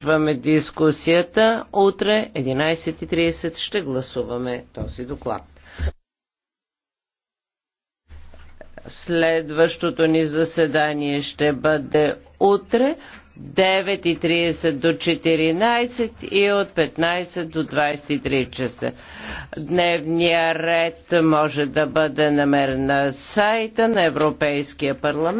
Приключваме дискусията. Утре 11.30 ще гласуваме този доклад. Следващото ни заседание ще бъде утре 9.30 до 14 и от 15 до 23 часа. Дневния ред може да бъде намерен на сайта на Европейския парламент.